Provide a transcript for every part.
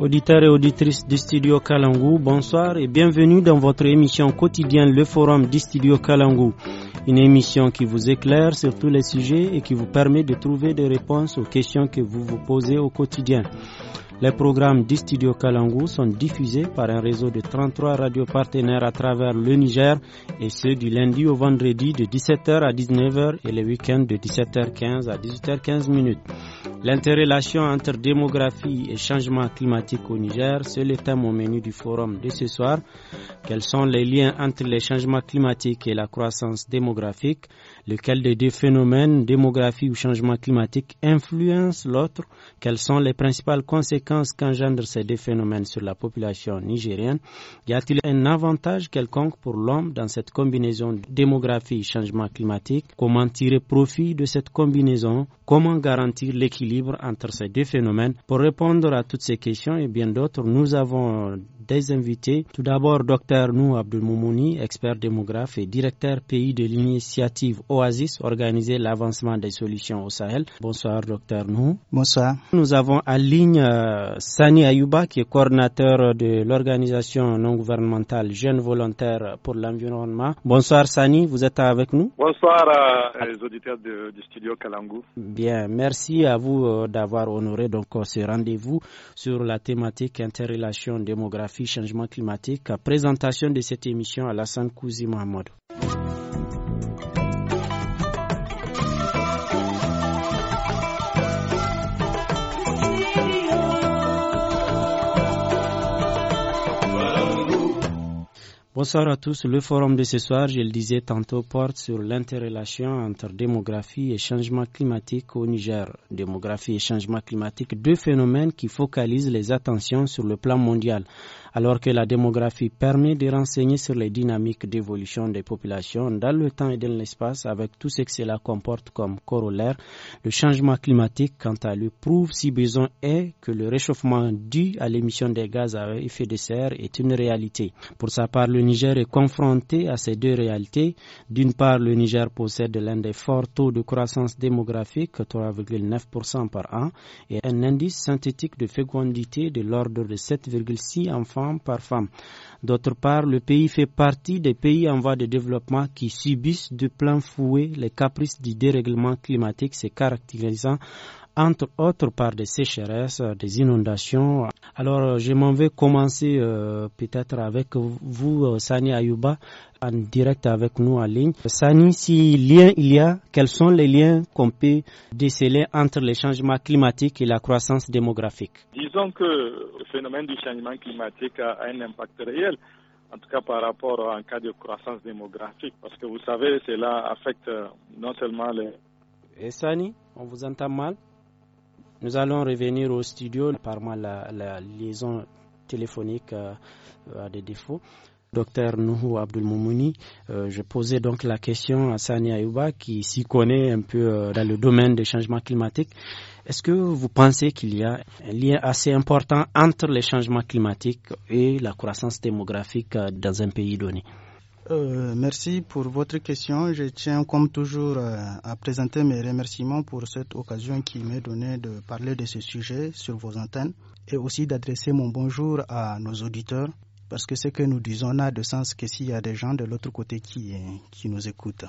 auditeurs et auditrices du studio Kalangou, bonsoir et bienvenue dans votre émission quotidienne Le Forum du studio Kalangou. Une émission qui vous éclaire sur tous les sujets et qui vous permet de trouver des réponses aux questions que vous vous posez au quotidien. Les programmes du studio Kalangu sont diffusés par un réseau de 33 radios partenaires à travers le Niger et ceux du lundi au vendredi de 17h à 19h et les week-ends de 17h15 à 18h15 minutes. L'interrelation entre démographie et changement climatique au Niger, c'est le thème au menu du forum de ce soir. Quels sont les liens entre les changements climatiques et la croissance démographique? lequel des deux phénomènes, démographie ou changement climatique, influence l'autre, quelles sont les principales conséquences qu'engendrent ces deux phénomènes sur la population nigérienne, y a-t-il un avantage quelconque pour l'homme dans cette combinaison démographie changement climatique, comment tirer profit de cette combinaison, comment garantir l'équilibre entre ces deux phénomènes. Pour répondre à toutes ces questions et bien d'autres, nous avons des invités. Tout d'abord, Dr Nou Abdelmoumouni, expert démographe et directeur pays de l'initiative Oasis organiser l'avancement des solutions au Sahel. Bonsoir, docteur Nou. Bonsoir. Nous avons à ligne euh, Sani Ayouba, qui est coordinateur de l'organisation non gouvernementale Jeunes Volontaires pour l'Environnement. Bonsoir, Sani, vous êtes avec nous. Bonsoir euh, les auditeurs du studio Kalangou. Bien, merci à vous euh, d'avoir honoré donc ce rendez-vous sur la thématique interrelation démographie, changement climatique. Présentation de cette émission à la cousine Mohamed. Bonsoir à tous. Le forum de ce soir, je le disais tantôt, porte sur l'interrelation entre démographie et changement climatique au Niger. Démographie et changement climatique, deux phénomènes qui focalisent les attentions sur le plan mondial alors que la démographie permet de renseigner sur les dynamiques d'évolution des populations dans le temps et dans l'espace avec tout ce que cela comporte comme corollaire, le changement climatique, quant à lui, prouve si besoin est que le réchauffement dû à l'émission des gaz à effet de serre est une réalité. Pour sa part, le Niger est confronté à ces deux réalités. D'une part, le Niger possède l'un des forts taux de croissance démographique, 3,9% par an, et un indice synthétique de fécondité de l'ordre de 7,6 enfants par femme. D'autre part, le pays fait partie des pays en voie de développement qui subissent de plein fouet les caprices du dérèglement climatique se caractérisant entre autres par des sécheresses, des inondations. Alors je m'en vais commencer euh, peut-être avec vous, euh, Sani Ayuba, en direct avec nous en ligne. Sani, si lien il y a, quels sont les liens qu'on peut déceler entre les changements climatiques et la croissance démographique Disons que le phénomène du changement climatique a un impact réel en tout cas par rapport en cas de croissance démographique, parce que vous savez, cela affecte euh, non seulement les... Et Sani, on vous entend mal nous allons revenir au studio par la, liaison téléphonique euh, à des défauts. Docteur Nuhu Abdul euh, je posais donc la question à Sani Ayouba qui s'y connaît un peu euh, dans le domaine des changements climatiques. Est-ce que vous pensez qu'il y a un lien assez important entre les changements climatiques et la croissance démographique euh, dans un pays donné euh, merci pour votre question. Je tiens, comme toujours, euh, à présenter mes remerciements pour cette occasion qui m'est donnée de parler de ce sujet sur vos antennes et aussi d'adresser mon bonjour à nos auditeurs parce que ce que nous disons n'a de sens que s'il y a des gens de l'autre côté qui, qui nous écoutent.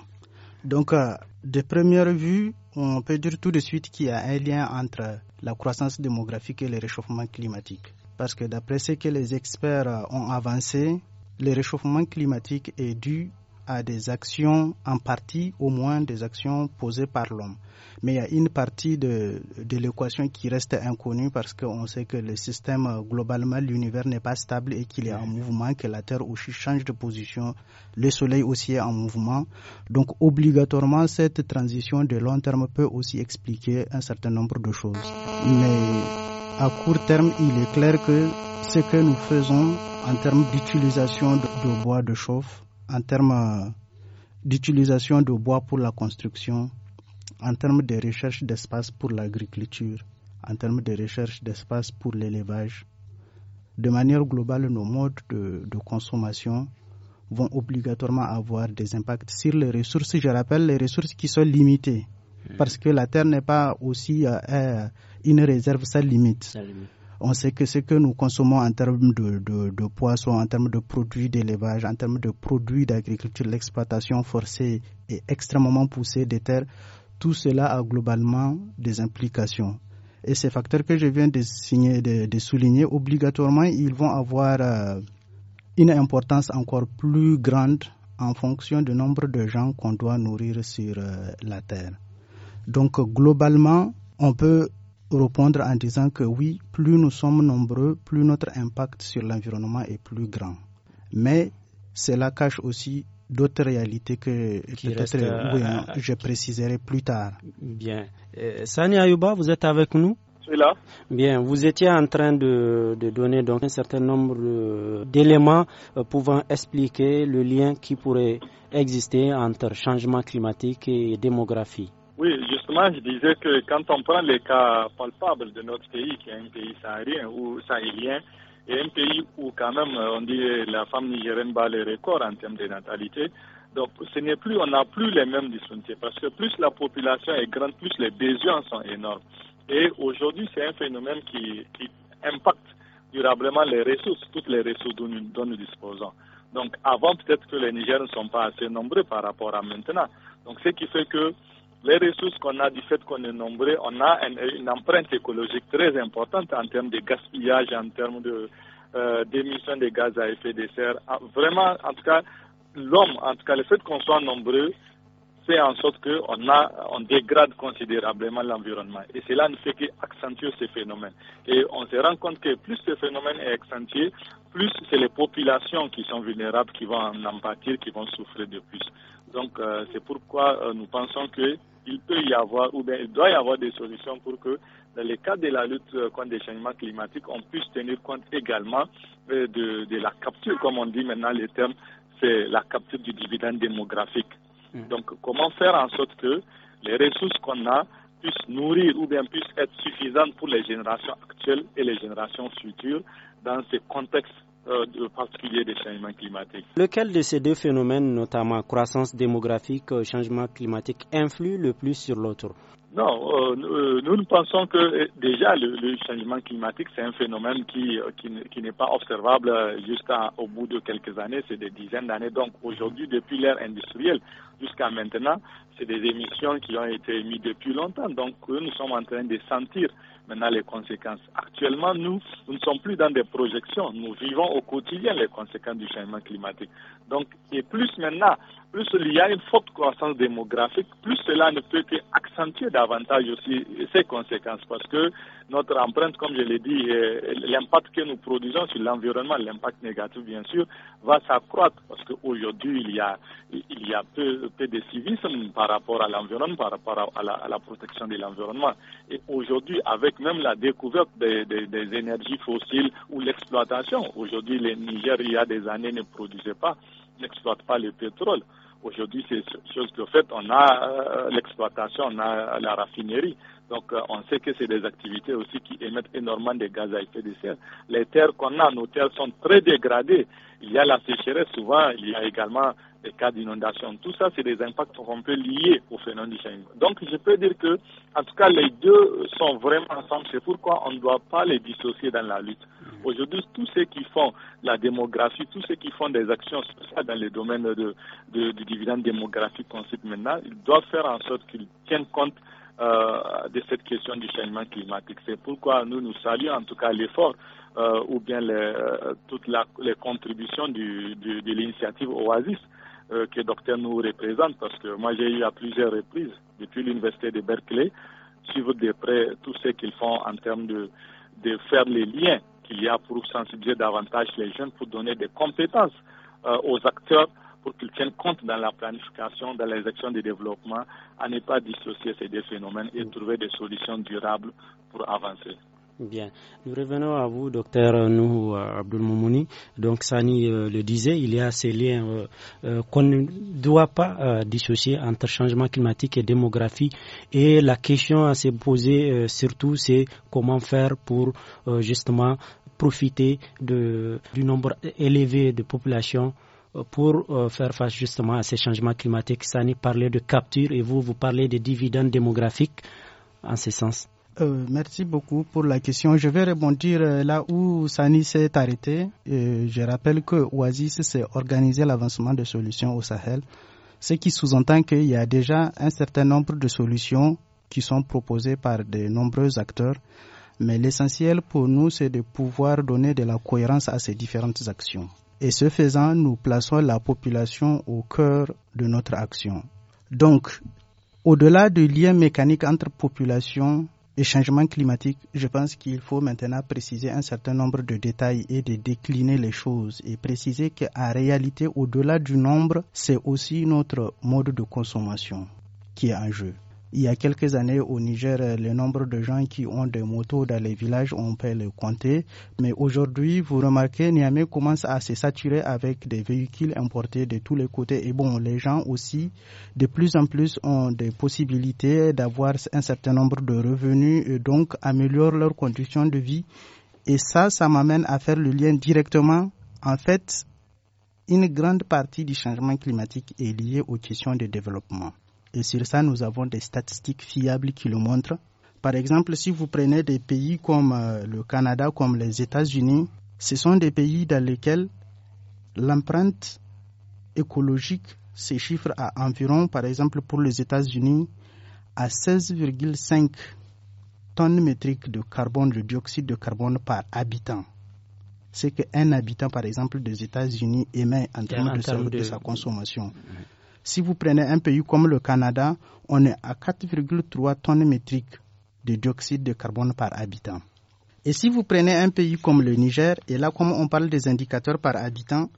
Donc, euh, de première vue, on peut dire tout de suite qu'il y a un lien entre la croissance démographique et le réchauffement climatique. Parce que d'après ce que les experts ont avancé, le réchauffement climatique est dû à des actions, en partie au moins des actions posées par l'homme. Mais il y a une partie de, l'équation qui reste inconnue parce qu'on sait que le système, euh, globalement, l'univers n'est pas stable et qu'il est en mouvement, que la Terre aussi change de position, le Soleil aussi est en mouvement. Donc obligatoirement, cette transition de long terme peut aussi expliquer un certain nombre de choses. Mais à court terme, il est clair que ce que nous faisons en termes d'utilisation de, bois de chauffe, en termes euh, d'utilisation de bois pour la construction, en termes de recherche d'espace pour l'agriculture, en termes de recherche d'espace pour l'élevage, de manière globale, nos modes de, consommation vont obligatoirement avoir des impacts sur les ressources. Je rappelle les ressources qui sont limitées. Mm. parce que la terre n'est pas aussi euh, euh, une réserve sans limite. On sait que ce que nous consommons en termes de, poissons, en termes de produits d'élevage, en termes de produits d'agriculture, l'exploitation forcée et extrêmement poussée des terres, tout cela a globalement des implications. Et ces facteurs que je viens de, de, souligner, obligatoirement, ils vont avoir euh, une importance encore plus grande en fonction du nombre de gens qu'on doit nourrir sur la Terre. Donc globalement, on peut répondre en disant que oui, plus nous sommes nombreux, plus notre impact sur l'environnement est plus grand. Mais cela cache aussi d'autres réalités que hein, je préciserai plus tard. Bien. Euh, Sani Ayuba, vous êtes avec nous Là. Bien, vous étiez en train de, de donner donc un certain nombre euh, d'éléments euh, pouvant expliquer le lien qui pourrait exister entre changement climatique et démographie. Oui, justement, je disais que quand on prend les cas palpables de notre pays, qui est un pays saharien ou sahélien, et un pays où quand même on dit la femme nigérienne bat les records en termes de natalité, donc ce n'est plus, on n'a plus les mêmes disponibilités parce que plus la population est grande, plus les besoins sont énormes. Et aujourd'hui, c'est un phénomène qui, impacte durablement les ressources, toutes les ressources dont nous, dont nous disposons. Donc avant, peut-être que les Nigériens ne sont pas assez nombreux par rapport à maintenant. Donc ce qui fait que les ressources qu'on a du fait qu'on est nombreux, on a une empreinte écologique très importante en termes de gaspillage, en termes de euh, d'émissions de gaz à effet de serre. Ah, vraiment, en tout cas, l'homme, en tout cas, le fait qu'on soit nombreux, fait en sorte qu'on a, on dégrade considérablement l'environnement. Et cela ne fait qu'accentuer ce phénomène. Et on se rend compte que plus ce phénomène est accentué, plus c'est les populations qui sont vulnérables qui vont en pâtir, qui vont souffrir de plus. Donc euh, c'est pourquoi euh, nous pensons que il peut y avoir ou bien il doit y avoir des solutions pour que dans le cadre de la lutte contre les changements climatiques, on puisse tenir compte également euh, de, la capture, comme on dit maintenant le termes, c'est la capture du dividende démographique. Mm. Donc comment faire en sorte que les ressources qu'on a puissent nourrir ou bien puissent être suffisantes pour les générations actuelles et les générations futures dans ce contexte euh, Lequel de ces deux phénomènes, notamment croissance démographique, euh, changement climatique, influe le plus sur l'autre non, euh, euh, nous, nous pensons que euh, déjà le, changement climatique, c'est un phénomène qui, qui, n'est pas observable jusqu'au bout de quelques années, c'est des dizaines d'années. Donc aujourd'hui, depuis l'ère industrielle jusqu'à maintenant, c'est des émissions qui ont été émises depuis longtemps. Donc nous sommes en train de sentir maintenant les conséquences. Actuellement, nous, nous ne sommes plus dans des projections, nous vivons au quotidien les conséquences du changement climatique. Donc, et plus maintenant, plus il y a une forte croissance démographique, plus cela ne peut qu'accentuer davantage aussi ses conséquences parce que notre empreinte, comme je l'ai dit, euh, l'impact que nous produisons sur l'environnement, l'impact négatif bien sûr, va s'accroître parce qu'aujourd'hui il y a, peu, de civisme par rapport à l'environnement, par rapport à la, protection de l'environnement. Et aujourd'hui, avec même la découverte des, des énergies fossiles ou l'exploitation, aujourd'hui le Niger, il y a des années, ne produisait pas n'exploite pas le pétrole. Aujourd'hui, c'est chose que fait. On a euh, l'exploitation, on a la raffinerie. Donc, euh, on sait que c'est des activités aussi qui émettent énormément de gaz à effet de serre. Les terres qu'on a, nos terres sont très dégradées il y a la sécheresse souvent, il y a également des cas d'inondation. Tout ça, c'est des impacts qu'on peut lier au phénomène du changement. Donc, je peux dire que, en tout cas, les deux sont vraiment ensemble. C'est pourquoi on ne doit pas les dissocier dans la lutte. Aujourd'hui, tous ceux qui font la démographie, tous ceux qui font des actions sociales dans le domaine de, du dividende démographique qu'on cite maintenant, ils doivent faire en sorte qu'ils tiennent compte euh, de cette question du changement climatique. C'est pourquoi nous nous saluons en tout cas l'effort euh, ou bien euh, toutes les contributions de l'initiative Oasis que Docteur nous représente parce que moi j'ai eu à plusieurs reprises depuis l'université de Berkeley suivre de près tout ce qu'ils font en termes de, de faire les liens qu'il y a pour sensibiliser davantage les jeunes, pour donner des compétences aux acteurs pour qu'ils tiennent compte dans la planification, dans les actions de développement, à ne pas dissocier ces deux phénomènes et trouver des solutions durables pour avancer. Bien. Nous revenons à vous, docteur Nouhou euh, Abdul Donc, Sani euh, le disait, il y a ces liens euh, qu'on ne doit pas dissocier entre changement climatique et démographie. Et la question à se poser surtout, c'est comment faire pour justement profiter du nombre élevé de populations euh, pour euh, faire face justement à ces changements climatiques. Sani parlait de capture et vous, vous parlez des dividendes démographiques en ce sens. Euh, merci beaucoup pour la question. Je vais rebondir là où Sani s'est arrêté. je rappelle que Oasis s'est organisé l'avancement de solutions au Sahel, ce qui sous-entend qu'il y a déjà un certain nombre de solutions qui sont proposées par de nombreux acteurs. Mais l'essentiel pour nous, c'est de pouvoir donner de la cohérence à ces différentes actions. Et ce faisant, nous plaçons la population au cœur de notre action. Donc, au-delà du lien mécanique entre population et changement climatique, je pense qu'il faut maintenant préciser un certain nombre de détails et de décliner les choses et préciser qu'en réalité, au-delà du nombre, c'est aussi notre mode de consommation qui est en jeu. Il y a quelques années au Niger, le nombre de gens qui ont des motos dans les villages, on peut le compter. Mais aujourd'hui, vous remarquez, Niamey commence à se saturer avec des véhicules importés de tous les côtés. Et bon, les gens aussi, de plus en plus, ont des possibilités d'avoir un certain nombre de revenus et donc améliorent leurs conditions de vie. Et ça, ça m'amène à faire le lien directement. En fait, une grande partie du changement climatique est liée aux questions de développement. Et sur ça, nous avons des statistiques fiables qui le montrent. Par exemple, si vous prenez des pays comme euh, le Canada, comme les États-Unis, ce sont des pays dans lesquels l'empreinte écologique se chiffre à environ, par exemple pour les États-Unis, à 16,5 tonnes métriques de carbone, de dioxyde de carbone par habitant. C'est qu'un habitant, par exemple, des États-Unis émet en termes, de, sa consommation. Si vous prenez un pays comme le Canada, on est à 4,3 tonnes métriques de dioxyde de carbone par habitant. Et si vous prenez un pays comme le Niger, et là comme on parle des indicateurs par habitant,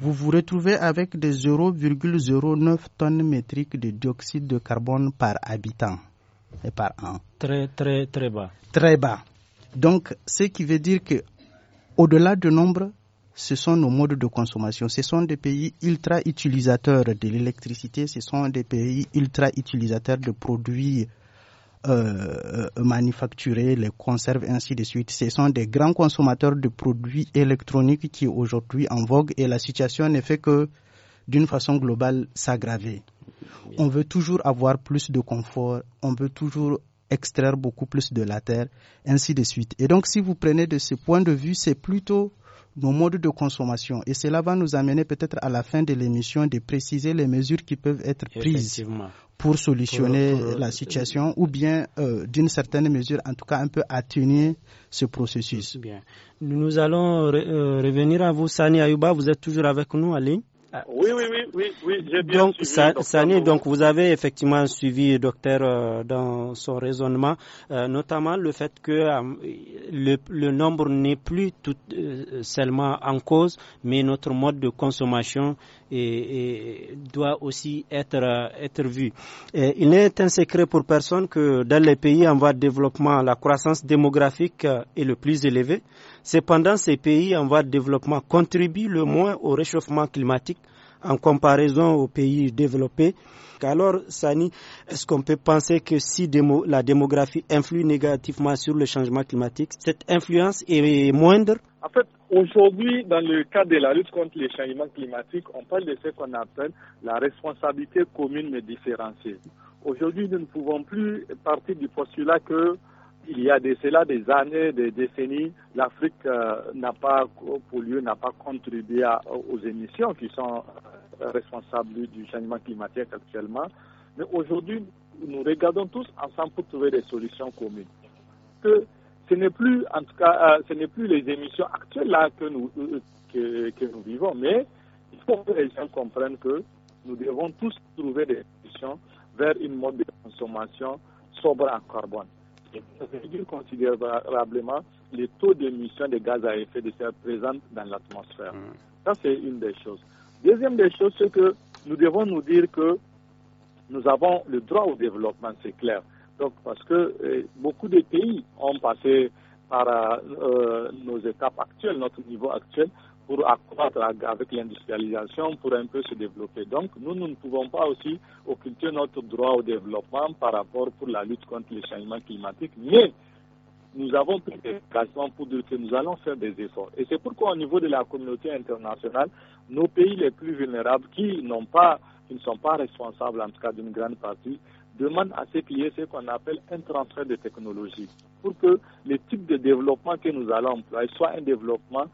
vous vous retrouvez avec des 0,09 tonnes métriques de dioxyde de carbone par habitant et par an. Très très très bas. Très bas. Donc ce qui veut dire que au-delà du nombre, ce sont nos modes de consommation. Ce sont des pays ultra-utilisateurs de l'électricité, ce sont des pays ultra-utilisateurs de produits euh, euh, manufacturés, les conserves, ainsi de suite. Ce sont des grands consommateurs de produits électroniques qui aujourd'hui en vogue et la situation ne fait que, d'une façon globale, s'aggraver. On veut toujours avoir plus de confort, on veut toujours extraire beaucoup plus de la terre, ainsi de suite. Et donc, si vous prenez de ce point de vue, c'est plutôt nos modes de consommation. Et cela va nous amener peut-être à la fin de l'émission de préciser les mesures qui peuvent être prises pour solutionner la situation ou bien euh, d'une certaine mesure, en tout cas un peu atténuer ce processus. Nous allons euh, revenir à vous, Sani Ayuba, Vous êtes toujours avec nous, allez oui, oui, oui, oui, oui j'ai bien donc, suivi. donc vous avez effectivement suivi le docteur euh, dans son raisonnement, euh, notamment le fait que euh, le, le, nombre n'est plus tout, seulement en cause, mais notre mode de consommation et, doit aussi être, être vu. il n'est un secret pour personne que dans les pays en voie de développement, la croissance démographique est le plus élevée. Cependant, ces pays en voie de développement contribuent le moins au réchauffement climatique en comparaison aux pays développés. Alors, Sani, est-ce qu'on peut penser que si la démographie influe négativement sur le changement climatique, cette influence est moindre En fait, aujourd'hui, dans le cadre de la lutte contre les changements climatiques, on parle de ce qu'on appelle la responsabilité commune mais différenciée. Aujourd'hui, nous ne pouvons plus partir du postulat que il y a de cela des années, des décennies, l'Afrique euh, n'a pas, pour n'a pas contribué aux émissions qui sont euh, responsables du changement climatique actuellement. Mais aujourd'hui, nous regardons tous ensemble pour trouver des solutions communes. Que ce n'est plus, en tout cas, euh, ce n'est plus les émissions actuelles là que nous, que, que, nous vivons, mais il faut que les gens comprennent que nous devons tous trouver des solutions vers une mode de consommation sobre en carbone. Ça réduit considérablement les taux d'émission de gaz à effet de serre présents dans l'atmosphère. Hmm. Ça, c'est une des choses. Deuxième des choses, c'est que nous devons nous dire que nous avons le droit au développement, c'est clair. Donc, parce que eh, beaucoup de pays ont passé par euh, euh, nos étapes actuelles, notre niveau actuel, pour accroître avec l'industrialisation, pour un peu se développer. Donc nous, nous ne pouvons pas aussi occulter notre droit au développement par rapport pour la lutte contre les changements climatiques, mais nous avons pris des engagements pour dire que nous allons faire des efforts. Et c'est pourquoi au niveau de la communauté internationale, nos pays les plus vulnérables qui n'ont pas, qui ne sont pas responsables en tout cas d'une grande partie, demandent à ce qu'il ce qu'on appelle un transfert de technologie pour que le type de développement que nous allons employer soit un développement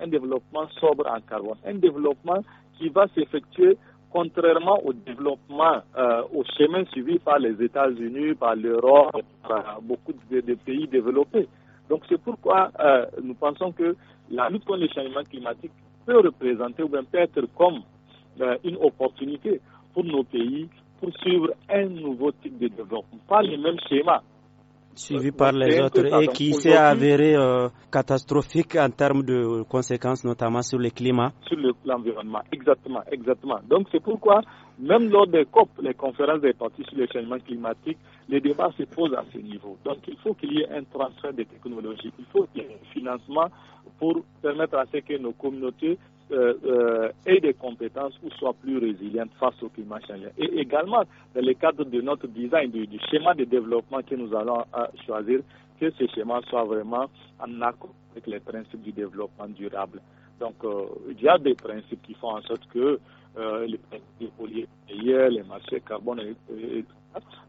un développement sobre en carbone, un développement qui va s'effectuer contrairement au développement, euh, au chemin suivi par les États-Unis, par l'Europe, par beaucoup de, pays développés. Donc c'est pourquoi euh, nous pensons que la lutte contre le changement climatique peut représenter ou bien peut être comme euh, une opportunité pour nos pays pour suivre un nouveau type de développement, pas le même schéma suivi par les autres et qui s'est avéré euh, catastrophique en termes de conséquences, notamment sur le climat. Sur l'environnement, exactement, exactement. Donc c'est pourquoi, même lors des COP, les conférences des partis sur le changement climatique, les débats se posent à ce niveau. Donc il faut qu'il y ait un transfert de technologies, il faut qu'il y ait un financement pour permettre à ce que nos communautés euh, euh des compétences ou soient plus résilientes face au climat changeant. Et également, dans le cadre de notre design, du, schéma de développement que nous allons euh, choisir, que ce schéma soit vraiment en accord avec les principes du développement durable. Donc, euh, il y a des principes qui font en sorte que les les, les, les marchés carbone et,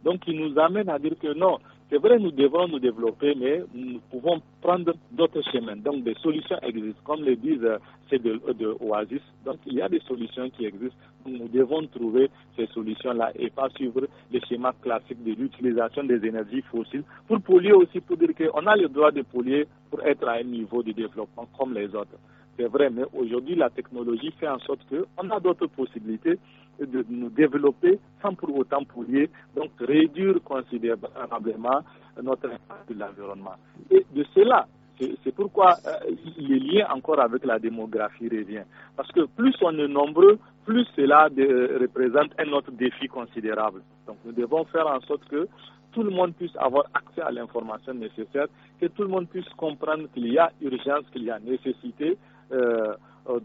donc, il nous amène à dire que non, c'est vrai, nous devons nous développer, mais nous pouvons prendre d'autres chemins. Donc, des solutions existent. Comme le disent euh, ces de, Oasis, donc il y a des solutions qui existent. Nous devons trouver ces solutions-là et pas suivre les schémas classiques de l'utilisation des énergies fossiles pour polluer aussi, pour dire qu'on a le droit de polluer pour être à un niveau de développement comme les autres c'est vrai, mais aujourd'hui, la technologie fait en sorte qu'on a d'autres possibilités de nous développer sans pour autant pourrir, donc réduire considérablement notre impact de l'environnement. Et de cela, c'est pourquoi euh, il les liens encore avec la démographie revient. Parce que plus on est nombreux, plus cela euh, représente un autre défi considérable. Donc nous devons faire en sorte que tout le monde puisse avoir accès à l'information nécessaire, que tout le monde puisse comprendre qu'il y a urgence, qu'il y a nécessité euh,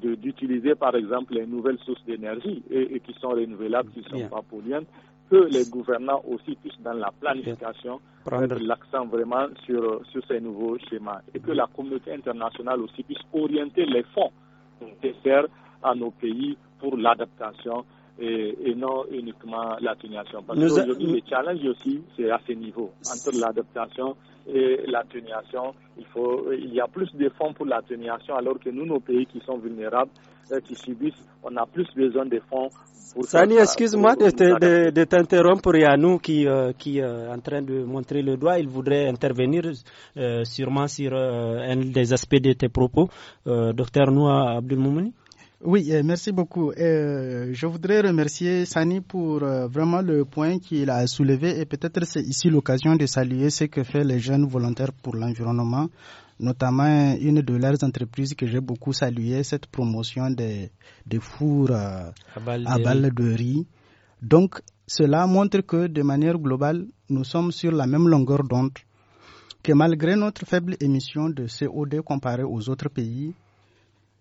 d'utiliser par exemple les nouvelles sources d'énergie et, qui sont renouvelables, qui ne sont pas polluantes, que les gouvernants aussi puissent dans la planification mettre l'accent vraiment sur, sur ces nouveaux schémas et que la communauté internationale aussi puisse orienter les fonds nécessaires à nos pays pour l'adaptation et, non uniquement l'atténuation. Parce qu'aujourd'hui, le challenge aussi, c'est à ce niveau, entre l'adaptation et l'atténuation. Il, faut, il y a plus de fonds pour l'atténuation alors que nous, nos pays qui sont vulnérables, qui subissent, on a plus besoin de fonds Sani, excuse-moi de, t'interrompre. Il y a nous qui, euh, euh, en train de montrer le doigt. Il voudrait intervenir euh, sûrement sur un des aspects de tes propos. docteur Noua Abdelmoumouni. Oui, euh, merci beaucoup. Euh, je voudrais remercier Sani pour euh, vraiment le point qu'il a soulevé et peut-être c'est ici l'occasion de saluer ce que fait les jeunes volontaires pour l'environnement, notamment une de leurs entreprises que j'ai beaucoup salué, cette promotion des, des fours euh, à balles de riz. Donc, cela montre que de manière globale, nous sommes sur la même longueur d'onde, que malgré notre faible émission de CO2 comparée aux autres pays,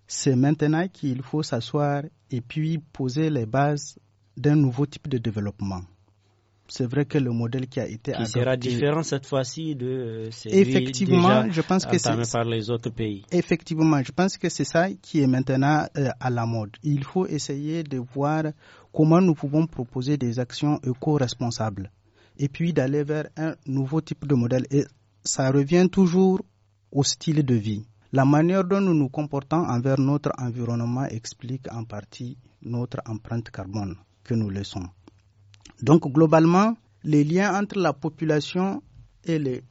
c'est maintenant qu'il faut s'asseoir et puis poser les bases d'un nouveau type de développement. C'est vrai que le modèle qui a été adopté sera différent cette fois-ci de celui effectivement, déjà je pense par les autres pays. Effectivement, je pense que c'est ça qui est maintenant euh, à la mode. Il faut essayer de voir comment nous pouvons proposer des actions éco-responsables et puis d'aller vers un nouveau type de modèle et ça revient toujours au style de vie. La manière dont nous nous comportons envers notre environnement explique en partie notre empreinte carbone que nous laissons. Donc globalement, les liens entre la population et les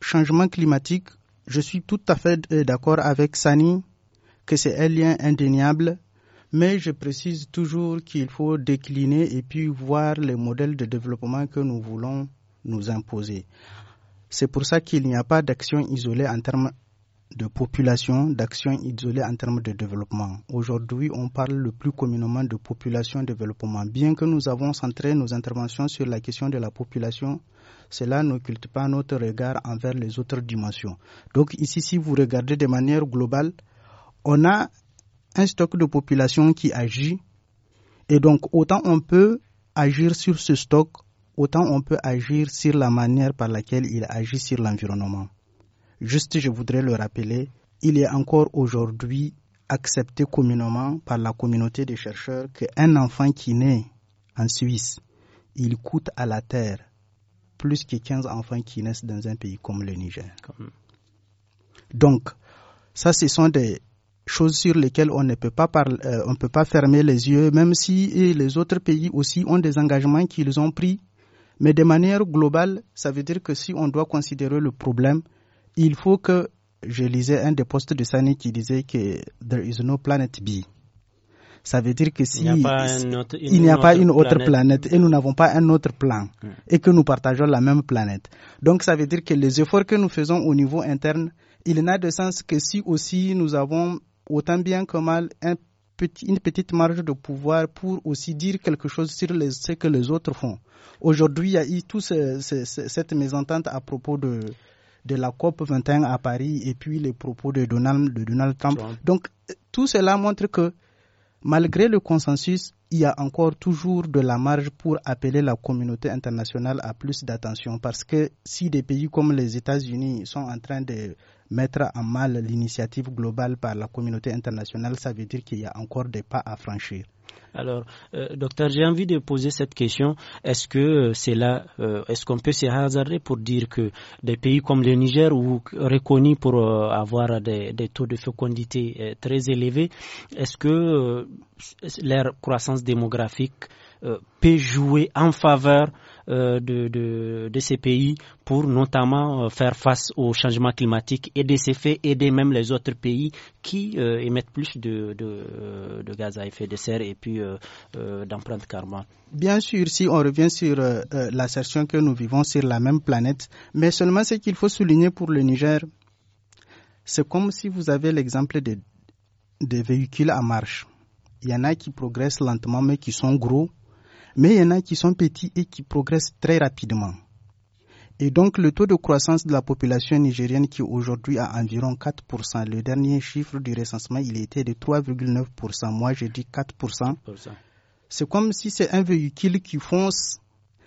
changements climatiques, je suis tout à fait euh, d'accord avec Sani que c'est un lien indéniable, mais je précise toujours qu'il faut décliner et puis voir les modèles de développement que nous voulons nous imposer. C'est pour ça qu'il n'y a pas d'action isolée en termes de population, d'action isolées en termes de développement. Aujourd'hui, on parle le plus communément de population développement. Bien que nous avons centré nos interventions sur la question de la population, cela n'occulte pas notre regard envers les autres dimensions. Donc ici, si vous regardez de manière globale, on a un stock de population qui agit et donc autant on peut agir sur ce stock, autant on peut agir sur la manière par laquelle il agit sur l'environnement. Juste, je voudrais le rappeler, il est encore aujourd'hui accepté communément par la communauté des chercheurs qu'un enfant qui naît en Suisse, il coûte à la Terre plus que 15 enfants qui naissent dans un pays comme le Niger. Donc, ça, ce sont des choses sur lesquelles on ne peut pas, parler, euh, on peut pas fermer les yeux, même si les autres pays aussi ont des engagements qu'ils ont pris. Mais de manière globale, ça veut dire que si on doit considérer le problème, il faut que, je lisais un des postes de Sani qui disait que there is no planet B. Ça veut dire que si il n'y a, pas une autre planète, et nous n'avons pas un autre plan et que nous partageons la même planète. Donc ça veut dire que les efforts que nous faisons au niveau interne, il n'a de sens que si aussi nous avons autant bien que mal une petite marge de pouvoir pour aussi dire quelque chose sur les, ce que les autres font. Aujourd'hui, il y a eu toute cette mésentente à propos de, de la COP 21 à Paris et puis les propos de Donald, de Donald Trump. Trump. Donc euh, tout cela montre que malgré le consensus, il y a encore toujours de la marge pour appeler la communauté internationale à plus d'attention parce que si des pays comme les États-Unis sont en train de mettre en mal l'initiative globale par la communauté internationale, ça veut dire qu'il y a encore des pas à franchir. Alors, euh, docteur, j'ai envie de poser cette question. Est-ce que euh, c'est là, euh, est-ce qu'on peut se hasarder pour dire que des pays comme le Niger, ou reconnus pour avoir des, taux de fécondité très élevés, est-ce que leur croissance démographique peut jouer en faveur euh, de, de, ces pays pour notamment euh, faire face au changement climatique, et ces faits, aider même les autres pays qui euh, émettent plus de, gaz à effet de serre et puis d'empreintes carbone. Bien sûr, si on revient sur l'assertion que nous vivons sur la même planète, mais seulement ce qu'il faut souligner pour le Niger, c'est comme si vous avez l'exemple des, des véhicules à marche. Il y en a qui progressent lentement mais qui sont gros mais il y en a qui sont petits et qui progressent très rapidement. Et donc le taux de croissance de la population nigérienne qui aujourd'hui a environ 4%, le dernier chiffre du recensement il était de 3,9%, moi j'ai dit 4%. C'est comme si c'est un véhicule qui fonce,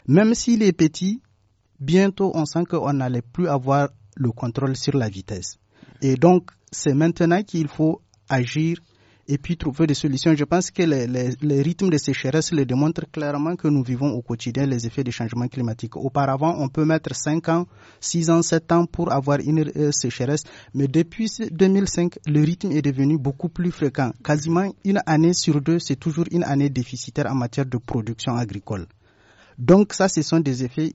même s'il est petit, bientôt on sent qu'on n'allait plus avoir le contrôle sur la vitesse. Et donc c'est maintenant qu'il faut agir et puis trouver des solutions. Je pense que les, les, rythmes de sécheresse le démontrent clairement que nous vivons au quotidien les effets des changements climatiques. Auparavant, on peut mettre 5 ans, 6 ans, 7 ans pour avoir une euh, sécheresse, mais depuis 2005, le rythme est devenu beaucoup plus fréquent. Quasiment une année sur deux, c'est toujours une année déficitaire en matière de production agricole. Donc ça, ce sont des effets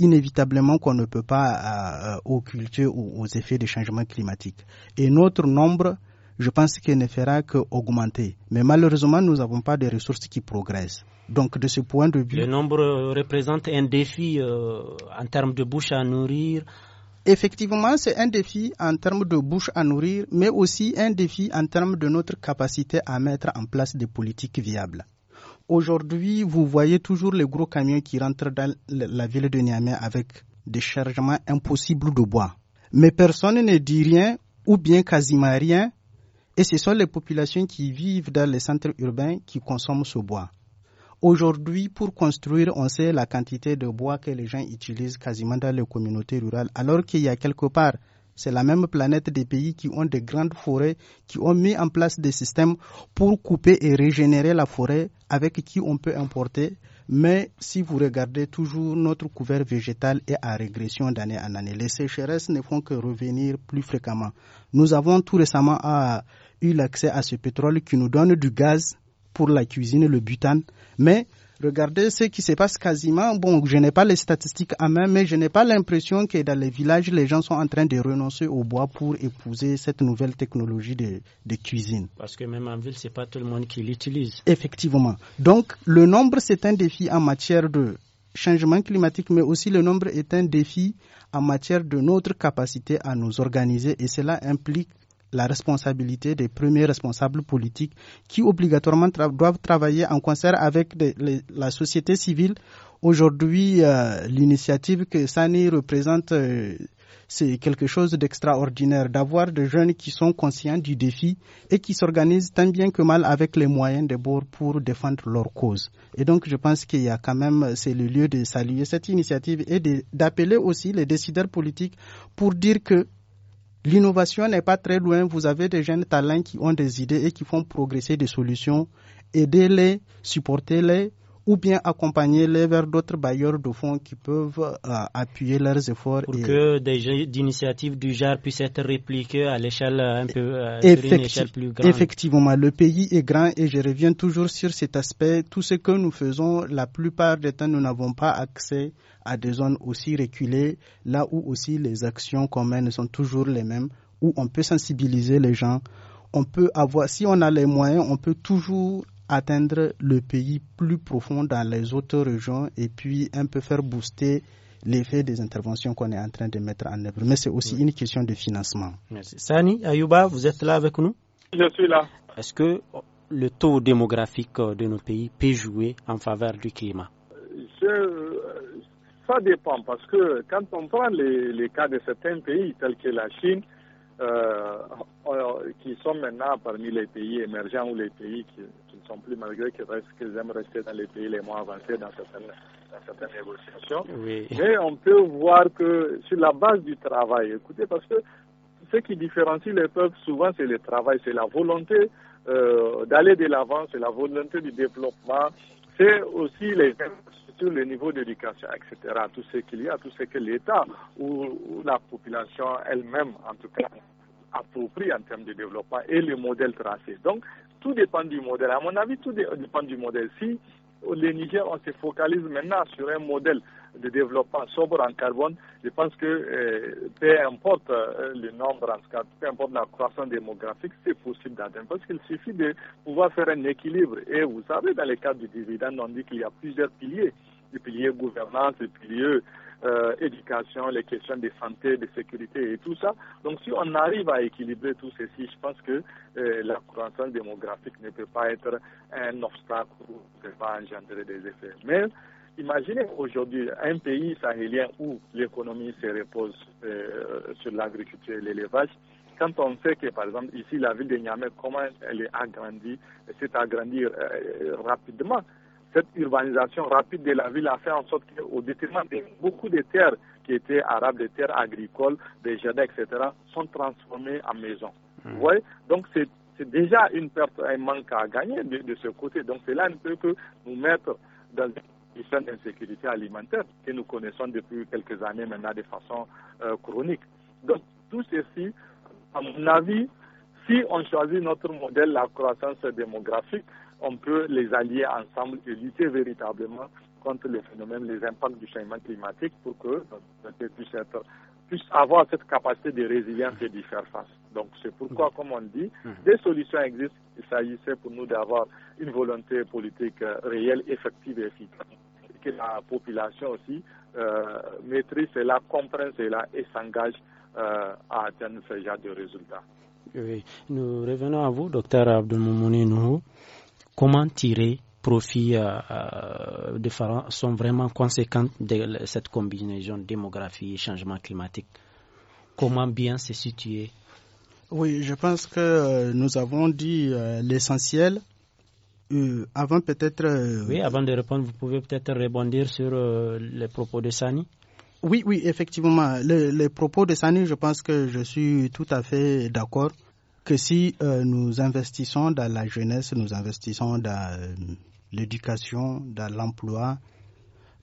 inévitablement qu'on ne peut pas euh, euh, occulter ou aux effets des changements climatiques. Et notre nombre je pense qu'elle ne fera qu'augmenter. Mais malheureusement, nous n'avons pas de ressources qui progressent. Donc, de ce point de vue. Le nombre représente un défi euh, en termes de bouche à nourrir. Effectivement, c'est un défi en termes de bouche à nourrir, mais aussi un défi en termes de notre capacité à mettre en place des politiques viables. Aujourd'hui, vous voyez toujours les gros camions qui rentrent dans la ville de Niamey avec des chargements impossibles de bois. Mais personne ne dit rien ou bien quasiment rien et ce sont les populations qui vivent dans les centres urbains qui consomment ce bois. Aujourd'hui, pour construire, on sait la quantité de bois que les gens utilisent quasiment dans les communautés rurales, alors qu'il y a quelque part, c'est la même planète des pays qui ont de grandes forêts, qui ont mis en place des systèmes pour couper et régénérer la forêt avec qui on peut importer. Mais si vous regardez toujours notre couvert végétal est à régression d'année en année. Les sécheresses ne font que revenir plus fréquemment. Nous avons tout récemment à ah, eu l'accès à ce pétrole qui nous donne du gaz pour la cuisine, le butane. Mais regardez ce qui se passe quasiment. Bon, je n'ai pas les statistiques à main, mais je n'ai pas l'impression que dans les villages, les gens sont en train de renoncer au bois pour épouser cette nouvelle technologie de, de cuisine. Parce que même en ville, c'est pas tout le monde qui l'utilise. Effectivement. Donc, le nombre, c'est un défi en matière de changement climatique, mais aussi le nombre est un défi en matière de notre capacité à nous organiser et cela implique la responsabilité des premiers responsables politiques qui obligatoirement doivent travailler en concert avec la société civile. Aujourd'hui, euh, l'initiative que Sani représente, euh, c'est quelque chose d'extraordinaire d'avoir des jeunes qui sont conscients du défi et qui s'organisent tant bien que mal avec les moyens de bord pour défendre leur cause. Et donc, je pense qu'il y a quand même, c'est le lieu de saluer cette initiative et d'appeler aussi les décideurs politiques pour dire que L'innovation n'est pas très loin. Vous avez des jeunes talents qui ont des idées et qui font progresser des solutions. Aidez-les, supportez-les, ou bien accompagner-les vers d'autres bailleurs de fonds qui peuvent euh, appuyer leurs efforts. Pour que des initiatives du genre puissent être répliquées à l'échelle euh, un peu euh, plus grande. Effectivement, le pays est grand et je reviens toujours sur cet aspect. Tout ce que nous faisons, la plupart des temps, nous n'avons pas accès à des zones aussi reculées, là où aussi les actions communes sont toujours les mêmes, où on peut sensibiliser les gens on peut avoir, si on a les moyens, on peut toujours atteindre le pays plus profond dans les autres régions et puis un peu faire booster l'effet des interventions qu'on est en train de mettre en œuvre. Mais c'est aussi une question de financement. Merci. Sani Ayuba, vous êtes là avec nous Je suis là. Est-ce que le taux démographique de nos pays peut jouer en faveur du climat Ça dépend parce que quand on prend les, cas de certains pays tels que la Chine, euh, euh, qui sont maintenant parmi les pays émergents ou les pays qui, sont plus, malgré qu'ils aiment rester dans les pays les moins avancés dans certaines, négociations. Mais on peut voir que sur la base du travail, écoutez, parce que ce qui différencie les peuples souvent, c'est le travail, c'est la volonté euh, d'aller de l'avant, c'est la volonté du développement, c'est aussi les sur le niveau d'éducation, etc. Tout ce qu'il y a, tout ce que l'État ou, la population elle-même, en tout cas, approprie en termes de développement et le modèle tracé. Donc, tout dépend du modèle. À mon avis, tout dépend du modèle. Si les Niger, on se focalise maintenant sur un modèle de développement sobre en carbone, je pense que euh, peu importe euh, le nombre en cas, peu importe la croissance démographique, c'est possible d'atteindre. Parce qu'il suffit de pouvoir faire un équilibre. Et vous savez, dans le cadre du dividende, on dit qu'il y a plusieurs piliers. Le pilier gouvernance, le pilier euh, éducation, les questions de santé, de sécurité et tout ça. Donc si on arrive à équilibrer tout ceci, je pense que euh, la croissance démographique ne peut pas être un obstacle ou ne peut pas engendrer des effets. Mais imaginez aujourd'hui un pays sahélien où l'économie se repose euh, sur l'agriculture et l'élevage quand on sait que, par exemple, ici, la ville de Niamey, comment elle est agrandie, s'est agrandie rapidement cette urbanisation rapide de la ville a fait en sorte qu'au détriment de beaucoup de terres qui étaient arabes, des terres agricoles, des jardins, etc., sont transformées en maisons. Hmm. Donc c'est déjà une perte, un manque à gagner de, ce côté. Donc cela ne peut que nous mettre dans une situation d'insécurité alimentaire que nous connaissons depuis quelques années maintenant de façon euh, chronique. Donc tout ceci, à mon avis, si on choisit notre modèle, la croissance démographique, on peut les allier ensemble et lutter véritablement contre les phénomènes, les impacts du changement climatique pour que notre puisse, avoir cette capacité de résilience et d'y faire face. Donc c'est pourquoi, mhm. comme on dit, mhm. des solutions existent. Il s'agissait pour nous d'avoir une volonté politique euh, réelle, effective et efficace. Et que la population aussi euh, maîtrise cela, comprenne cela et s'engage euh, à atteindre ce genre de résultats. Oui. Nous revenons à vous, docteur Abdelmoumouni Nouhou comment tirer profit de euh, euh, de sont vraiment conséquentes de cette combinaison démographie et changement climatique. Comment bien se situer Oui, je pense que euh, nous avons dit l'essentiel. avant peut-être. oui, avant de répondre, vous pouvez peut-être rebondir sur les propos de Sani. Oui, oui, effectivement. les propos de Sani, je pense que je suis tout à fait d'accord que si euh, nous investissons dans la jeunesse, nous investissons dans euh, l'éducation, dans l'emploi,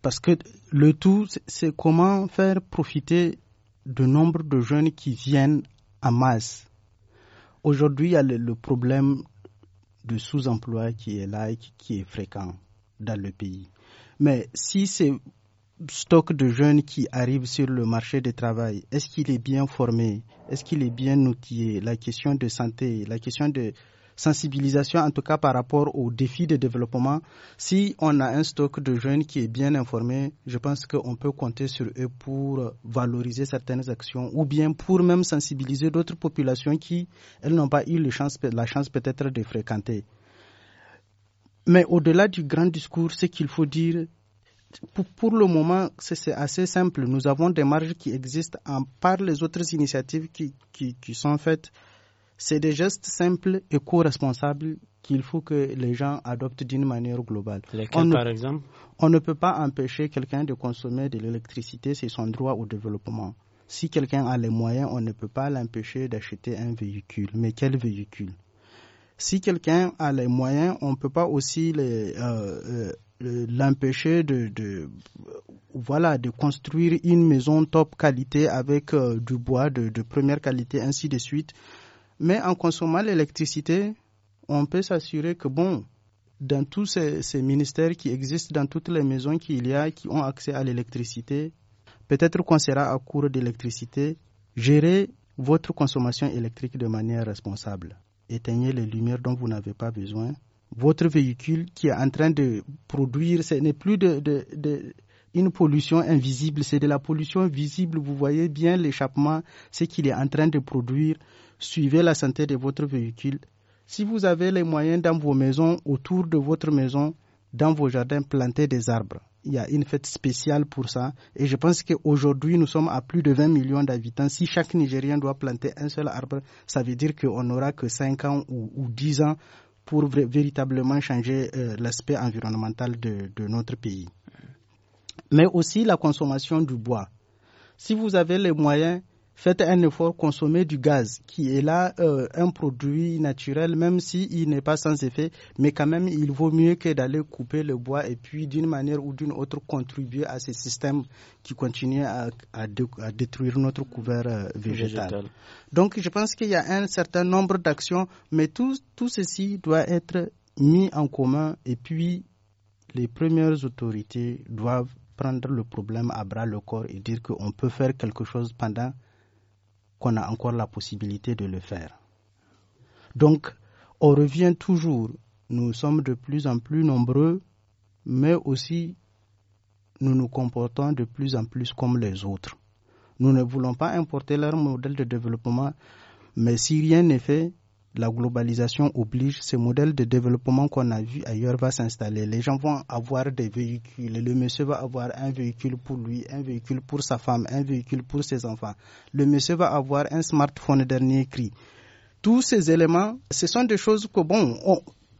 parce que le tout, c'est comment faire profiter de nombre de jeunes qui viennent en masse. Aujourd'hui, il y a le, problème de sous-emploi qui est là et qui est fréquent dans le pays. Mais si c'est stock de jeunes qui arrivent sur le marché du travail, est-ce qu'il est bien formé Est-ce qu'il est bien outillé La question de santé, la question de sensibilisation, en tout cas par rapport aux défis de développement. Si on a un stock de jeunes qui est bien informé, je pense qu'on peut compter sur eux pour valoriser certaines actions ou bien pour même sensibiliser d'autres populations qui, elles, n'ont pas eu la chance, la chance peut-être de fréquenter. Mais au-delà du grand discours, ce qu'il faut dire, pour, le moment, c'est assez simple. Nous avons des marges qui existent en, par les autres initiatives qui, qui, sont faites. C'est des gestes simples et co-responsables qu'il faut que les gens adoptent d'une manière globale. Lesquels, on, par exemple On ne peut pas empêcher quelqu'un de consommer de l'électricité, c'est son droit au développement. Si quelqu'un a les moyens, on ne peut pas l'empêcher d'acheter un véhicule. Mais quel véhicule si quelqu'un a les moyens, on ne peut pas aussi les, euh, euh, l'empêcher de, voilà de construire une maison top qualité avec euh, du bois de, première qualité ainsi de suite mais en consommant l'électricité on peut s'assurer que bon dans tous ces, ministères qui existent dans toutes les maisons qu'il y a qui ont accès à l'électricité peut-être qu'on sera à court d'électricité gérer votre consommation électrique de manière responsable éteignez les lumières dont vous n'avez pas besoin votre véhicule qui est en train de produire, ce n'est plus de, une pollution invisible, c'est de la pollution visible. Vous voyez bien l'échappement, ce qu'il est en train de produire. Suivez la santé de votre véhicule. Si vous avez les moyens dans vos maisons, autour de votre maison, dans vos jardins, plantez des arbres. Il y a une fête spéciale pour ça. Et je pense qu'aujourd'hui, nous sommes à plus de 20 millions d'habitants. Si chaque Nigérien doit planter un seul arbre, ça veut dire qu'on n'aura que 5 ans ou 10 ans pour véritablement changer euh, l'aspect environnemental de, notre pays. Mais aussi la consommation du bois. Si vous avez les moyens faites un effort, consommez du gaz, qui est là euh, un produit naturel, même s'il n'est pas sans effet, mais quand même, il vaut mieux que d'aller couper le bois et puis d'une manière ou d'une autre contribuer à ce systèmes qui continue à, détruire notre couvert euh, végétal. Donc, je pense qu'il y a un certain nombre d'actions, mais tout, tout ceci doit être mis en commun et puis les premières autorités doivent prendre le problème à bras le corps et dire qu'on peut faire quelque chose pendant qu'on a encore la possibilité de le faire. Donc, on revient toujours, nous sommes de plus en plus nombreux, mais aussi nous nous comportons de plus en plus comme les autres. Nous ne voulons pas importer leur modèle de développement, mais si rien n'est fait, la globalisation oblige, ce modèle de développement qu'on a vu ailleurs va s'installer. Les gens vont avoir des véhicules. Le monsieur va avoir un véhicule pour lui, un véhicule pour sa femme, un véhicule pour ses enfants. Le monsieur va avoir un smartphone dernier cri. Tous ces éléments, ce sont des choses que, bon,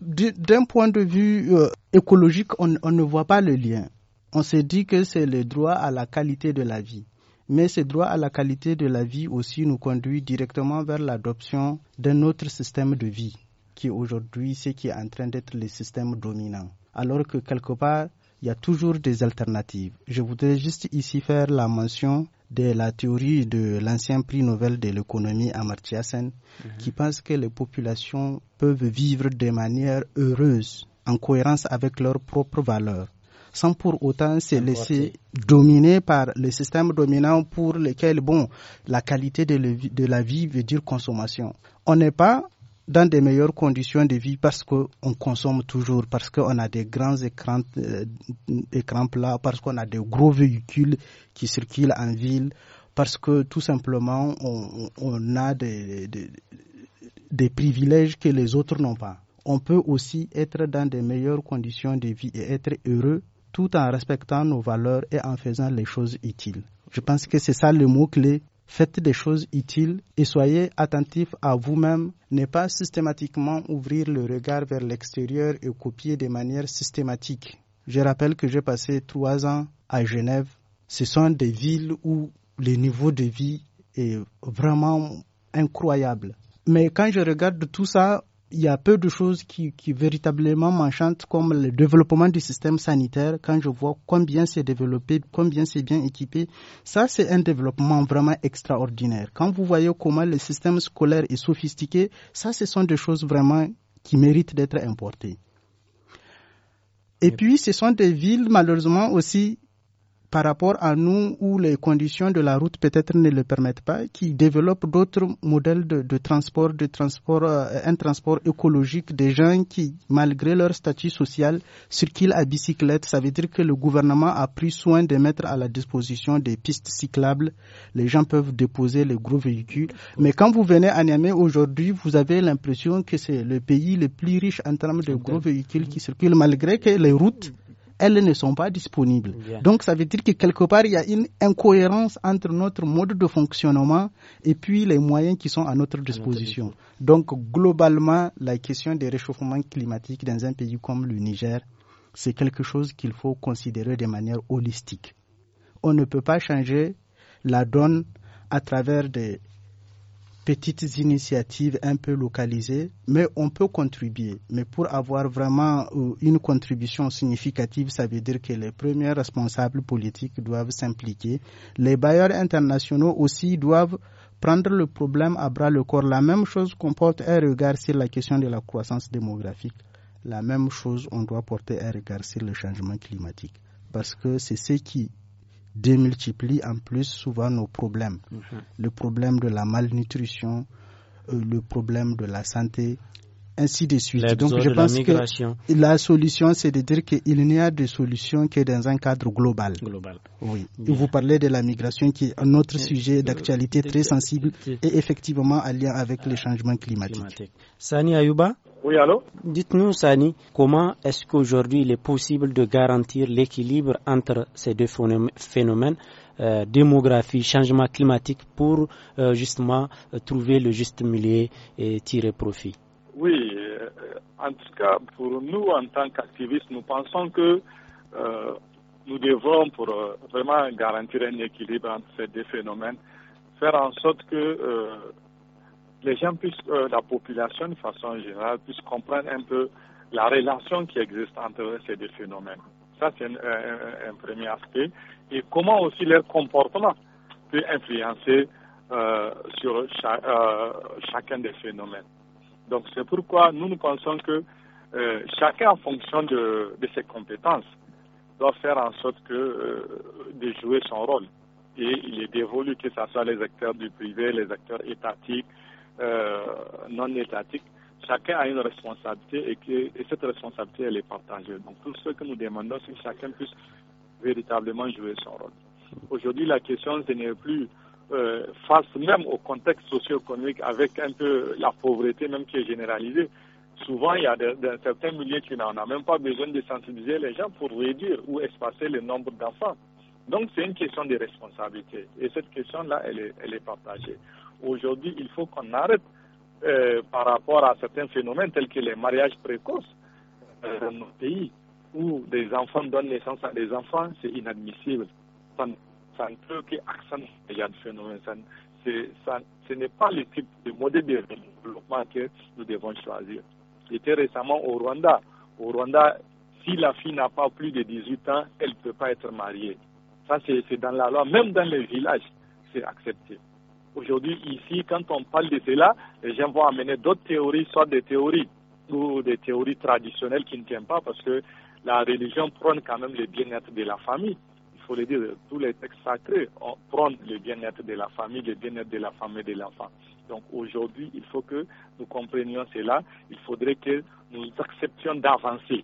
d'un point de vue euh, écologique, on ne voit pas le lien. On se dit que c'est le droit à la qualité de la vie mais ce droit à la qualité de la vie aussi nous conduit directement vers l'adoption d'un autre système de vie, qui aujourd'hui c'est qui est en train d'être le système dominant. Alors que quelque part, il y a toujours des alternatives. Je voudrais juste ici faire la mention de la théorie de l'ancien prix Nobel de l'économie Amartya Sen, mhm. qui pense que les populations peuvent vivre de manière heureuse, en cohérence avec leurs propres valeurs sans pour autant se laisser dominer par le système dominant pour lequel, bon, la qualité de, de la vie veut dire consommation. On n'est pas dans des meilleures conditions de vie parce qu'on consomme toujours, parce qu'on a des grands écrans, euh, écrans plats, parce qu'on a des gros véhicules qui circulent en ville, parce que tout simplement on, on a des, des, des, privilèges que les autres n'ont pas. On peut aussi être dans des meilleures conditions de vie et être heureux tout en respectant nos valeurs et en faisant les choses utiles. Je pense que c'est ça le mot-clé. Faites des choses utiles et soyez attentifs à vous-même. Ne pas systématiquement ouvrir le regard vers l'extérieur et copier de manière systématique. Je rappelle que j'ai passé trois ans à Genève. Ce sont des villes où le niveau de vie est vraiment incroyable. Mais quand je regarde tout ça, il y a peu de choses qui, qui véritablement m'enchantent, comme le développement du système sanitaire, quand je vois combien c'est développé, combien c'est bien équipé. Ça, c'est un développement vraiment extraordinaire. Quand vous voyez comment le système scolaire est sophistiqué, ça, ce sont des choses vraiment qui méritent d'être importées. Et puis, ce sont des villes, malheureusement, aussi par rapport à nous où les conditions de la route peut-être ne le permettent pas, qui développent d'autres modèles de, transport, de transport, euh, un transport écologique des gens qui, malgré leur statut social, circulent à bicyclette. Ça veut dire que le gouvernement a pris soin de mettre à la disposition des pistes cyclables. Les gens peuvent déposer les gros véhicules. Mais quand vous venez à Niamey aujourd'hui, vous avez l'impression que c'est le pays le plus riche en termes de gros véhicules qui circulent, malgré que les routes elles ne sont pas disponibles. Donc ça veut dire que quelque part, il y a une incohérence entre notre mode de fonctionnement et puis les moyens qui sont à notre disposition. Donc globalement, la question des réchauffements climatiques dans un pays comme le Niger, c'est quelque chose qu'il faut considérer de manière holistique. On ne peut pas changer la donne à travers des petites initiatives un peu localisées, mais on peut contribuer. Mais pour avoir vraiment euh, une contribution significative, ça veut dire que les premiers responsables politiques doivent s'impliquer. Les bailleurs internationaux aussi doivent prendre le problème à bras le corps. La même chose comporte un regard sur la question de la croissance démographique. La même chose, on doit porter un regard sur le changement climatique. Parce que c'est ce qui démultiplie en plus souvent nos problèmes. Mhm. Le problème de la malnutrition, euh, le problème de la santé, ainsi de suite. Donc je pense que la solution, c'est de dire qu'il n'y a de solution que dans un cadre global. global. Vous parlez de la migration qui est un autre eh, sujet euh, d'actualité très sensible et effectivement en lien avec le changement Climatique. Sani Ayuba Oui, allô Dites-nous, Sani, comment est-ce qu'aujourd'hui il est possible de garantir l'équilibre entre ces deux phénomènes euh, démographie, changement climatique pour euh, justement trouver le juste milieu et tirer profit. Oui, euh, en tout cas, pour nous, en tant qu'activistes, nous pensons que euh, nous devons, pour euh, vraiment garantir un équilibre entre ces deux phénomènes, faire en sorte que les gens puissent, la population de façon générale, puisse comprendre un peu la relation qui existe entre ces deux phénomènes. Ça, c'est un, premier aspect. Et comment aussi leur comportement peut influencer sur chacun des phénomènes. Donc c'est pourquoi nous nous pensons que euh, chacun en fonction de, ses compétences doit faire en sorte euh, de jouer son rôle. Et il est dévolu que ce soit les acteurs du privé, les acteurs étatiques, euh, non étatiques, chacun a une responsabilité et, que, cette responsabilité elle est partagée. Donc tout ce que nous demandons, c'est que chacun puisse véritablement jouer son rôle. Aujourd'hui, la question ce n'est plus euh, face même au contexte socio-économique avec un peu la pauvreté même qui est généralisée, souvent il y a de, certains milieux qui n'en ont même pas besoin de sensibiliser les gens pour réduire ou espacer le nombre d'enfants. Donc c'est une question de responsabilité et cette question-là, elle est, partagée. Aujourd'hui, il faut qu'on arrête euh, par rapport à certains phénomènes tels que les mariages précoces euh, dans nos pays où des enfants donnent naissance à des enfants, c'est inadmissible ça ne peut qu'accentuer le phénomène. ce n'est pas le type de modèle de développement que nous devons choisir. J'étais récemment au Rwanda. Au Rwanda, si la fille n'a pas plus de 18 ans, elle ne peut pas être mariée. Ça, c'est dans la loi. Même dans les villages, c'est accepté. Aujourd'hui, ici, quand on parle de cela, les gens vont amener d'autres théories, soit des théories ou des théories traditionnelles qui ne tiennent pas parce que la religion prône quand même le bien-être de la famille faut le dire, tous les textes sacrés prônent le bien-être de la famille, le bien-être de la femme et de l'enfant. Donc aujourd'hui, il faut que nous comprenions cela. Il faudrait que nous acceptions d'avancer.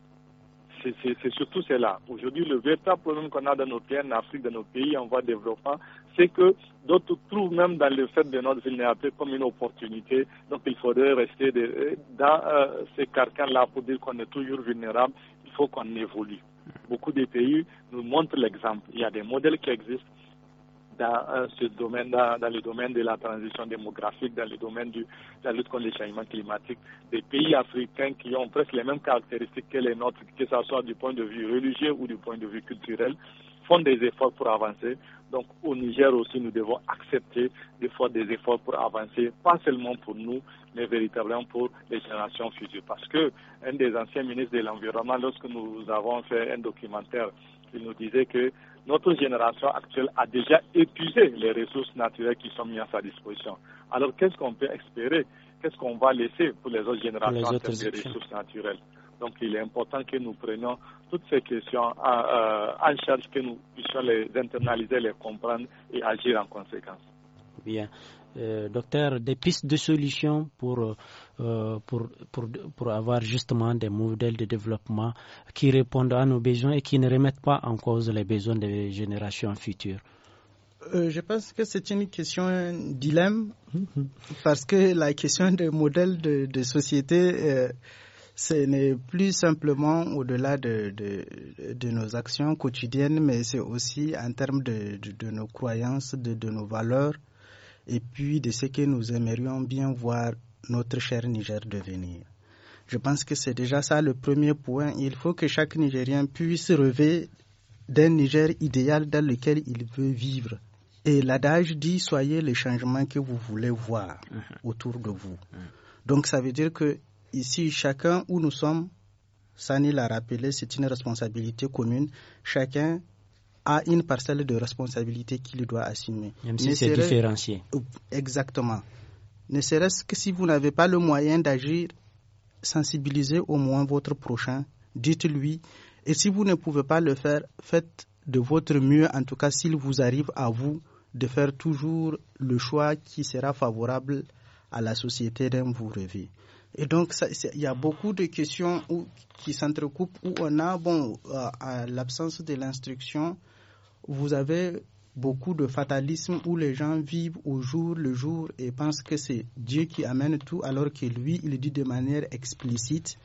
C'est surtout cela. Aujourd'hui, le véritable problème qu'on a dans nos pays, en Afrique, dans nos pays en voie de développement, c'est que d'autres trouvent même dans le fait de notre vulnérabilité comme une opportunité. Donc il faudrait rester dans euh, ces carcans-là pour dire qu'on est toujours vulnérable. Il faut qu'on évolue. Beaucoup de pays nous montrent l'exemple. Il y a des modèles qui existent dans euh, ce domaine, dans, le domaine de la transition démographique, dans le domaine de la lutte contre les changements climatiques, des pays africains qui ont presque les mêmes caractéristiques que les nôtres, que ce soit du point de vue religieux ou du point de vue culturel, font des efforts pour avancer. Donc au Niger aussi, nous devons accepter de faire des efforts pour avancer, pas seulement pour nous, mais véritablement pour les générations futures. Parce que un des anciens ministres de l'Environnement, lorsque nous avons fait un documentaire, il nous disait que notre génération actuelle a déjà épuisé les ressources naturelles qui sont mises à sa disposition. Alors qu'est-ce qu'on peut espérer Qu'est-ce qu'on va laisser pour les autres générations les termes de ressources naturelles donc il est important que nous prenions toutes ces questions euh, en, charge, que nous puissions les internaliser, les comprendre et agir en conséquence. Bien. Euh, docteur, des pistes de solutions euh, pour, avoir justement des modèles de développement qui répondent à nos besoins et qui ne remettent pas en cause les besoins des générations futures Je pense que c'est une question un dilemme mhm. parce que la question des modèles de société ce n'est plus simplement au-delà de, de, nos actions quotidiennes, mais c'est aussi en termes de, de nos croyances, de, nos valeurs, et puis de ce que nous aimerions bien voir notre cher Niger devenir. Je pense que c'est déjà ça le premier point. Il faut que chaque Nigérien puisse rêver d'un Niger idéal dans lequel il veut vivre. Et l'adage dit soyez le changement que vous voulez voir uh-huh. autour de vous. Uh-huh. Donc ça veut dire que ici, chacun où nous sommes, Sani l'a rappelé, c'est une responsabilité commune. Chacun a une parcelle de responsabilité qu'il doit assumer. Même si c'est différencié. Exactement. Ne serait-ce que si vous n'avez pas le moyen d'agir, sensibilisez au moins votre prochain, dites-lui. Et si vous ne pouvez pas le faire, faites de votre mieux, en tout cas s'il vous arrive à vous, de faire toujours le choix qui sera favorable à la société dont vous rêvez. Et donc, il y a beaucoup de questions qui s'entrecoupent où on a, bon, euh, à l'absence de l'instruction, vous avez beaucoup de fatalisme où les gens vivent au jour le jour et pensent que c'est Dieu qui amène tout, alors que lui, il dit de manière explicite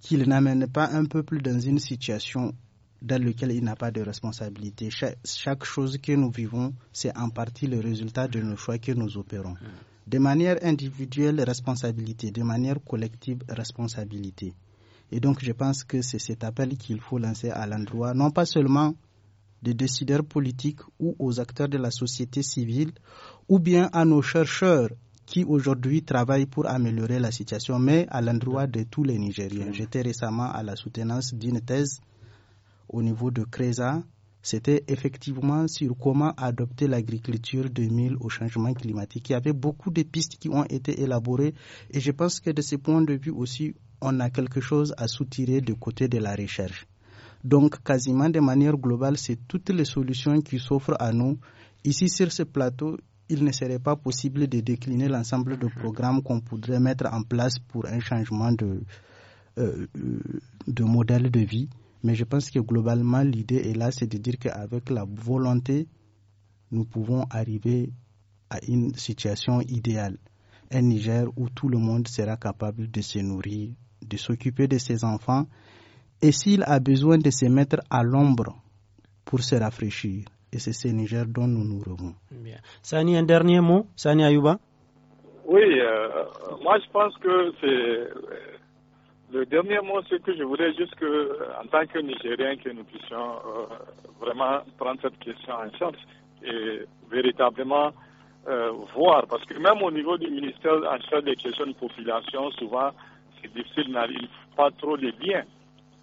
qu'il n'amène pas un peuple dans une situation dans laquelle il n'a pas de responsabilité. chaque chose que nous vivons, c'est en partie le résultat de nos choix que nous opérons. Mmh. De manière individuelle, responsabilité. De manière collective, responsabilité. Et donc, je pense que c'est cet appel qu'il faut lancer à l'endroit, non pas seulement des décideurs politiques ou aux acteurs de la société civile, ou bien à nos chercheurs qui aujourd'hui travaillent pour améliorer la situation, mais à l'endroit de tous les Nigériens. J'étais récemment à la soutenance d'une thèse au niveau de CRESA c'était effectivement sur comment adopter l'agriculture 2000 au changement climatique. Il y avait beaucoup de pistes qui ont été élaborées et je pense que de ce point de vue aussi, on a quelque chose à soutirer du côté de la recherche. Donc, quasiment de manière globale, c'est toutes les solutions qui s'offrent à nous. Ici, sur ce plateau, il ne serait pas possible de décliner l'ensemble de programmes qu'on pourrait mettre en place pour un changement de, euh, euh, de modèle de vie. Mais je pense que globalement, l'idée est là, c'est de dire qu'avec la volonté, nous pouvons arriver à une situation idéale. Un Niger où tout le monde sera capable de se nourrir, de s'occuper de ses enfants, et s'il a besoin de se mettre à l'ombre pour se rafraîchir. Et c'est ce Niger dont nous nous revons. Sani, un dernier mot Sani Ayouba Oui, euh, moi je pense que c'est le dernier mot, c'est que je voudrais juste que, en tant que Nigérien, que nous puissions euh, vraiment prendre cette question en charge et véritablement euh, voir, parce que même au niveau du ministère en charge des questions de population, souvent c'est difficile, n'arrive pas trop les liens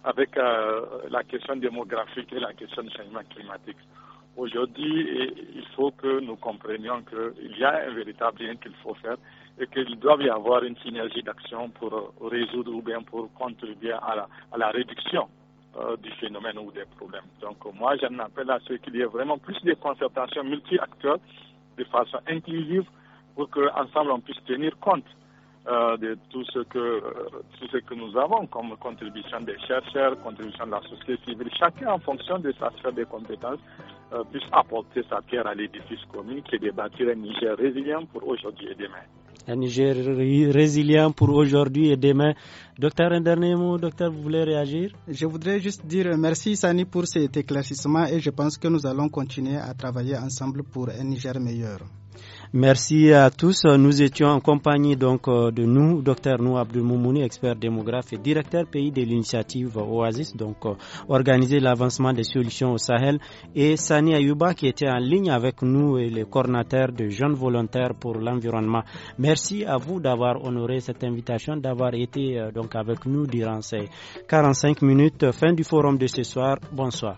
avec euh, la question démographique et la question du changement climatique. Aujourd'hui, il faut que nous comprenions qu'il y a un véritable lien qu'il faut faire et qu'il doit y avoir une synergie d'action pour euh, résoudre ou bien pour contribuer à la, réduction euh, du phénomène ou des problèmes. Donc euh, moi, j'en appelle à ce qu'il y ait vraiment plus de concertation multi-acteurs de façon inclusive pour qu'ensemble on puisse tenir compte de tout ce, que, tout ce que nous avons comme contribution des chercheurs, contribution de la société civile, chacun en fonction de sa sphère de compétences puisse apporter sa pierre à l'édifice commun qui est de bâtir un Niger résilient pour aujourd'hui et demain un Niger résilient pour aujourd'hui et demain. Docteur, un dernier mot, docteur, vous voulez réagir Je voudrais juste dire merci Sani pour cet éclaircissement et je pense que nous allons continuer à travailler ensemble pour un Niger meilleur. Merci à tous. Nous étions en compagnie donc euh, de nous, docteur Nou Abdelmoumouni, expert démographe et directeur pays de l'initiative Oasis, donc euh, organiser l'avancement des solutions au Sahel, et Sani Ayouba qui était en ligne avec nous et les coordinateur de jeunes volontaires pour l'environnement. Merci à vous d'avoir honoré cette invitation, d'avoir été euh, donc avec nous durant ces 45 minutes. Fin du forum de ce soir. Bonsoir.